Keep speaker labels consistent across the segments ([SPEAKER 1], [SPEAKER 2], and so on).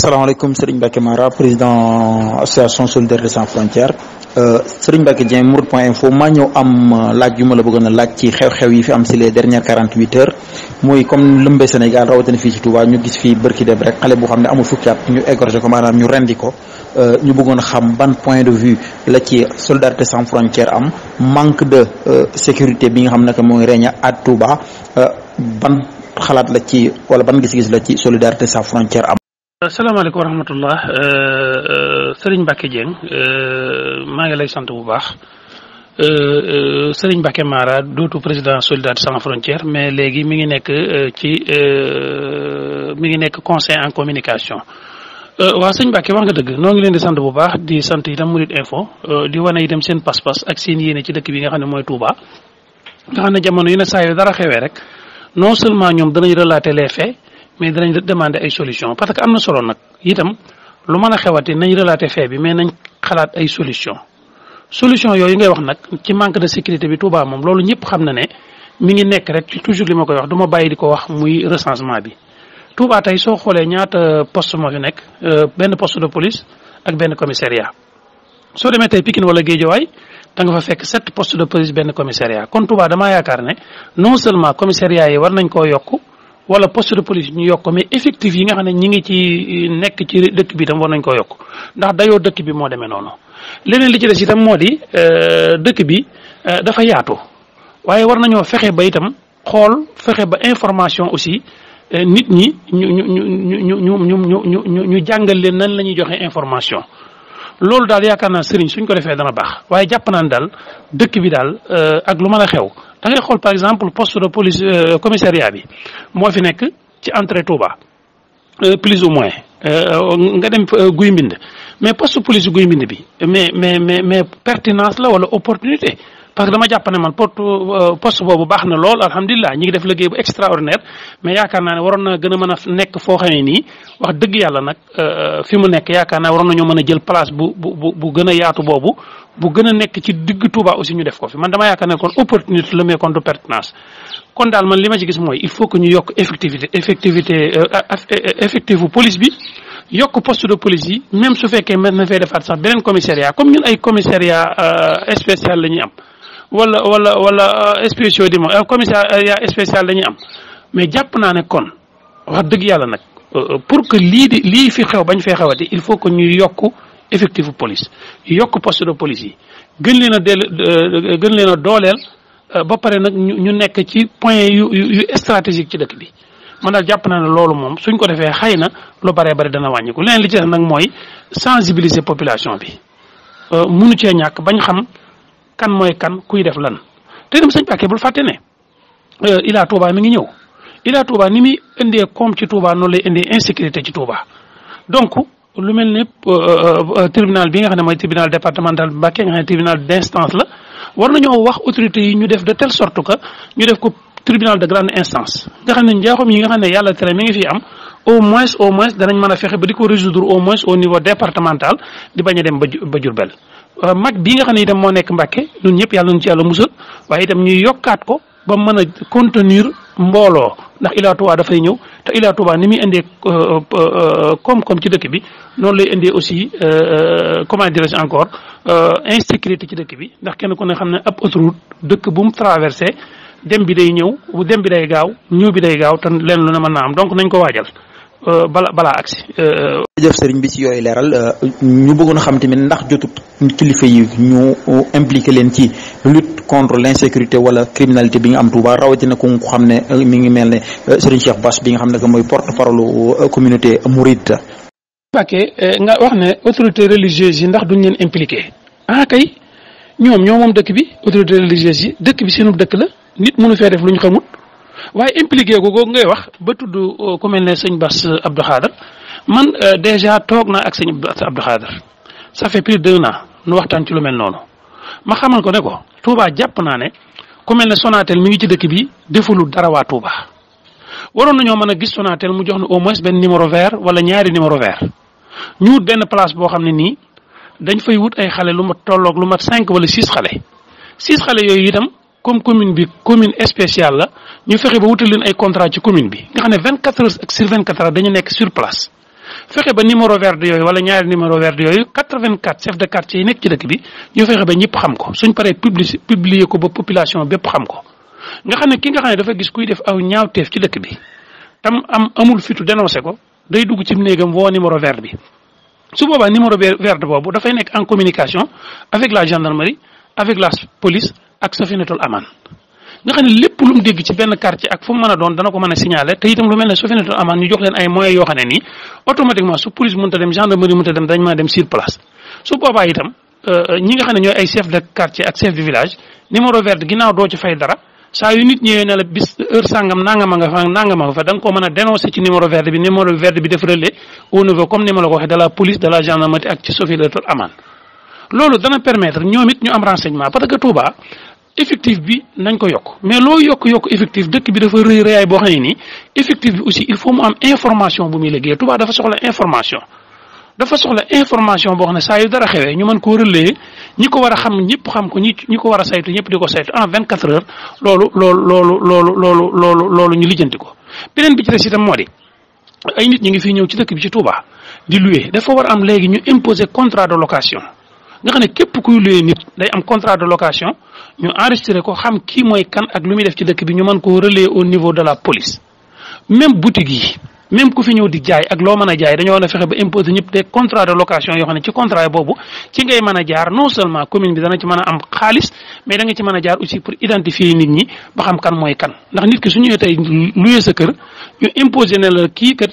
[SPEAKER 1] asalaamaaleykum Serigne Mbacké Mara président association solidaire sans frontières euh, Serigne Mbacké Dieng Mourides point info maa ñëw am euh, laaj yu ma la bëggoon a laaj ci xew-xew yi fi am si les dernières quarante huit heures mooy comme lëmbe Sénégal rawatina fii ci Touba ñu gis fii bërki dem rek xale boo xam ne amul fukki at ñu égorgé ko maanaam ñu rendi ko euh, ñu bëggoon xam ban point de vue la ci solidarité sans frontières am manque de sécurité bi nga xam ne que mooy régné à Touba ban xalaat la ci wala ban gis-gis la ci solidarité sans frontières am.
[SPEAKER 2] asalaamaaleykum wa rahmatullah euh, euh, Serigne Mbacke Dieng euh, maa ngi lay sant bu baax Serigne Mbacke maara dootu président Solidarité sans frontières mais léegi mi ngi nekk ci mi ngi nekk conseil en communication waaw sëñ Mbacke wax nga dëgg noo ngi leen di sant bu baax di sant itam Mouride Info di wane itam seen pas-pas ak seen yéene ci dëkk bi nga xam ne mooy Touba nga xam ne jamono yi ne saa dara xewee rek non seulement ñoom dana danañ relater les faits mais danañ demander ay solution parce que am na solo nag itam lu mën a xewati nañ relater fee bi mais nañ xalaat ay solution solution yooyu ngay wax nag ci manque de sécurité bi Touba moom loolu ñëpp xam na ne mi ngi nekk rek toujours li ma koy wax du ma bàyyi di ko wax muy recensement bi Touba tey soo xoolee ñaata post moo fi nekk euh, benn poste de police ak benn commissariat soo demee tey Pikine wala Guédiawaye da nga fa fekk sept postes de police benn commissariat kon Touba yaakaar ne non seulement commissariat yi war nañ koo yokk wala poste de police ñu yokk mais effectif yi nga xam ne ñi ngi ci nekk ci dëkk bi tam war nañ koo yokk ndax dayoo dëkk bi moo demee noonu leneen li ci des tam moo di dëkk bi dafa yaatu waaye war nañoo fexe ba itam xool fexe ba information aussi nit ñi ñu ñu ñu ñu ñu ñu ñu ñu ñu jàngal leen nan la ñuy joxe information loolu daal yaakaar naa sëriñ suñ ko defee dana baax waaye jàpp naan daal dëkk bi daal ak lu mën a xew. da xool par exemple poste de police euh, commissariat bi moo fi nekk ci entrée Touba euh, plus ou moins euh, nga dem guy mbind mais poste police guy mbind bi mais mais mais mais pertinence la wala opportunité parce que dama jàpp ne man porte poste boobu baax na lool alhamdulilah ñi ngi def liggéey bu extraordinaire mais yaakaar naa ne waroon na gën a mën a nekk foo xam ne nii wax dëgg yàlla nag fi mu nekk yaakaar naa waroon nañoo mën a jël place bu bu bu gën a yaatu boobu bu gën nekk ci digg Touba aussi ñu def ko fi man dama yaakaar ne kon opportunité le mais kon du pertinence kon dal man lima ci gis moy il faut que ñu yok effectivité effectivité euh, euh, effectif police bi yok poste de police yi même su fekkee mën na fay defaat sax beneen commissariat comme ñun ay commissariat euh, spécial lañu am wala wala wala spéciaux di ma commissariat spécial lañu am mais japp na ne kon wax dëgg yalla nak pour que li li fi xew bañ fee xewati il faut que ñu yokk. effectif police yokk poste de police yi gën leen a del euh, gën leen a dooleel euh, ba pare nag ñu nekk ci point yu yu stratégique ci dëkk bi man daal jàpp naa ne loolu moom suñ ko defee xëy na lu baree bari dana wàññiku leen li ci des nag mooy sensibiliser population bi euh, munu cee ñàkk bañ xam kan mooy kan kuy def lan te dem sëñ Paqué bul fàtte ne Ila Touba mi ngi ñëw Ila Touba ni muy indee comme ci Touba noonu lay indee insécurité ci Touba lu mel ni euh, euh, euh, tribunal bi nga xam ne mooy tribunal départemental Mbacké nga xam ne tribunal d'instance la war nañoo wax autorité yi ñu def de telle sorte que ñu def ko tribunal de grande instance nga xam ne njaaxum yi nga xam ne yàlla tere mi ngi fi am au moins au moins danañ mën a fexe ba di ko résoudre au moins au niveau départemental di bañ a dem ba ba Jurbel mag bii nga xam ne itam moo nekk Mbacké ñun ñëpp yàlla nañu ci yàlla musal waaye itam ñuy yokkaat ko ba mën a mbooloo ndax Ila Touba dafay ñëw te Ila Touba ni muy indee euh, euh, euh, koom-koom ci dëkk bi noonu lay indee aussi comment dirais-je encore insécurité ci dëkk bi ndax kenn ku ne xam ne ab autoroute dëkk bu mu traversé dem bi day ñëw dem bi day gaaw ñëw bi day gaaw te leen lu ne mën naa am donc nañ ko waajal.
[SPEAKER 1] Euh, bala balaa agsi. Euh, jërëjëf sëriñ bi ci yooyu leeral euh, ñu bëggoon a xam tamit ndax jotut kilifa yi ñu impliqué leen ci lutte contre l' insécurité wala criminalité bi nga am Touba rawatina ko nga xam ne mi ngi mel ne sëriñ Cheikh Bass bi nga xam ne ko mooy porte parole communauté Mouride.
[SPEAKER 2] Mbàkke nga wax ne autorité religieuse yi ndax duñ leen impliqué ah kay ñoom ñoo moom dëkk bi autorité religieuse yi dëkk bi seenu dëkk la nit mënu fee def lu ñu xamut. waaye impliqué ko googu ngay wax ba tudd euh, ku mel ne sëñ Bass Abdou Khader man euh, dèjà toog naa ak sëñ Bass Abdou Khader ça fait plus d'un an nu waxtaan ci lu mel noonu ma xamal ko ne ko Touba jàpp naa ne ku mel ne Sonatel mi ngi ci dëkk bi defulu dara waa Touba waroon nañoo mën a gis Sonatel mu jox nu au moins benn numéro vert wala ñaari numéro vert ñu wut benn place boo xam ne nii dañ fay wut ay xale lu ma tolloog lu mat cinq wala six xale xale yooyu itam comme commune bi commune spéciale la ñu fexé ba ay contrat ci commune bi nga sur 24, heures dañu nekk sur place fexé ba numéro vert wala numéro vert yoy 84 chef de quartier nekk ci dëkk bi ñu fexé ba ñëpp xam ko suñu paré publier ko ba population bépp xam ko nga xamné ki nga xamné dafa gis kuy def aw ñaawteef ci dëkk bi tam am amul fitu dénoncé ko day dugg ci numéro vert bi su numéro vert da nekk en communication avec la gendarmerie avec la police ak safinatul aman nga xam ne lépp lu dégg ci benn quartier ak fu mu mën a doon dana ko mën a signaler te itam lu mel ne safinatul aman ñu jox leen ay moyens yoo xam ne nii euh, euh, ay chef de quartier ak chef nga fa nangama nga fa a dénoncer ci numéro vert bi numéro vert bi def relais au niveau comme ni ko waxee de police de la ak ci safinatul aman loolu dana permettre ñoom it ñu am renseignement parce que effective bi nañ ko yokk mais loo yokk yokk effectif dëkk bi dafa rëy rëyaay boo xam ne nii effectif bi aussi il faut mu am information bu muy liggéey Touba dafa soxla information dafa soxla information boo xam ne saa yu dara xewee ñu mën koo relayer ñi ko war a xam ñëpp xam ko ñi ñi ko war a saytu ñëpp di ko saytu en vingt quatre heures loolu loolu loolu loolu loolu loolu loolu ñu lijjanti ko beneen bi ci des itam moo di ay nit ñi ngi fii ñëw ci dëkk bi ci Touba di louer dafa a am léegi ñu imposer contrat de location nga xam ne képp kuy luye nit day am contrat de location ñu enregistré ko xam kii mooy kan ak lu muy def ci dëkk bi ñu mën koo relayer au niveau de la police même boutique yi même ku fi ñëw di jaay ak loo mën a jaay dañoo war a fexe ba imposer ñëpp des contrats de location yoo xam ne ci contrat boobu ci ngay mën a jaar non seulement commune bi dana ci mën a am xaalis mais da nga ci mën a jaar aussi pour identifier nit ñi ba xam kan mooy kan ndax nit ki su ñëwee tey sa kër ñu imposer la kii kat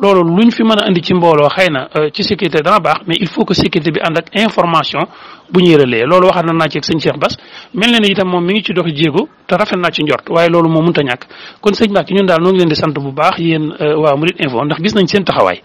[SPEAKER 2] loolu luñ fi mën a indi ci mbooloo xay na euh, ci sécurité dana baax mais il faut que sécurité bi ànd ak information bu ñuy relayer loolu waxaat na naa ci ak sëñ Cheikh Bass mel na ni itam moom mi ngi ci dox jéego te rafet naa ci njort waaye loolu moo mënta ñàkk kon sëñ Mbacke ñun daal noo ngi leen di sant bu baax yéen euh, waa Mouride Info ndax gis nañ seen taxawaay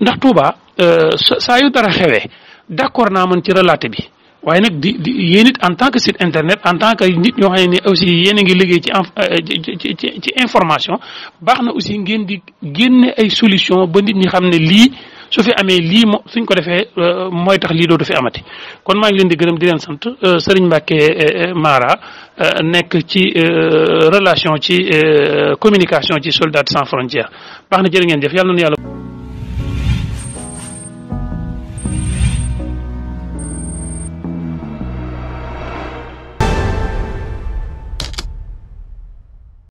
[SPEAKER 2] ndax Touba euh, saa yu dara xewee d'accord naa man ci ralaate bi waaye nag di di yéen it en tant que site internet en tant que nit ñoo xam ne aussi yéen a ngi liggéey euh, ci ci ci information baax na aussi ngeen di génne ay solution ba nit ñi xam ne lii su fi amee lii mo suñ ko defee euh, mooy tax lii dootu fi amati kon maa ngi leen di gërëm di leen sant euh, Serigne Mbacke Mara nekk ci relation ci communication ci Soldats sans frontières baax na jërë ngeen jëf yàlla na yàlla.